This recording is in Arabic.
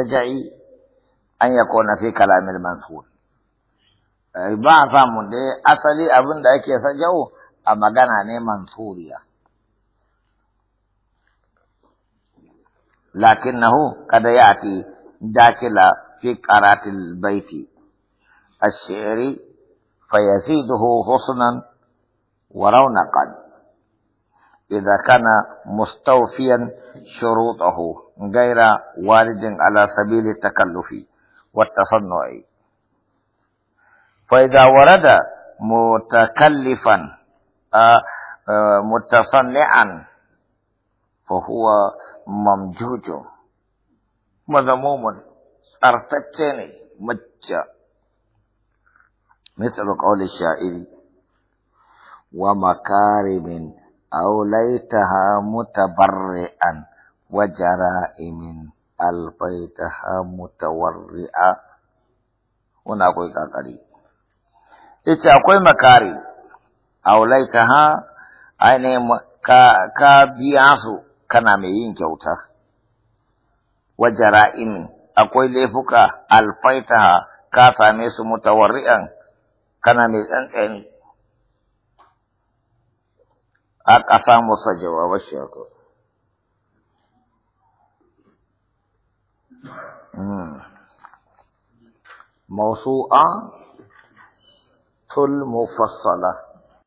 يدعي أن يكون في كلام المنصور ما فهم دي أصلي أبن دايك يسجعو أما قانا ني منصوريا لكنه قد يأتي داخل في قرات البيت الشعري فيزيده حسنا ورونقا إذا كان مستوفيا شروطه غير وارد على سبيل التكلف والتصنع فإذا ورد متكلفا آه، آه، متصنعا فهو ممجوج مذموم أرتجني مجّ مثل قول الشاعر ومكارم aw laytaha mutabarri'an wa jara'imin al baytaha mutawarri'a kuna koi kakari ita akwai makari aw laytaha aine ka ka kana mai yin kyauta wa jara'imin akwai laifuka al ka same su mutawarri'an kana mai tsantsani a ƙasa musa jawabar shi shaitan موسوعة المفصلة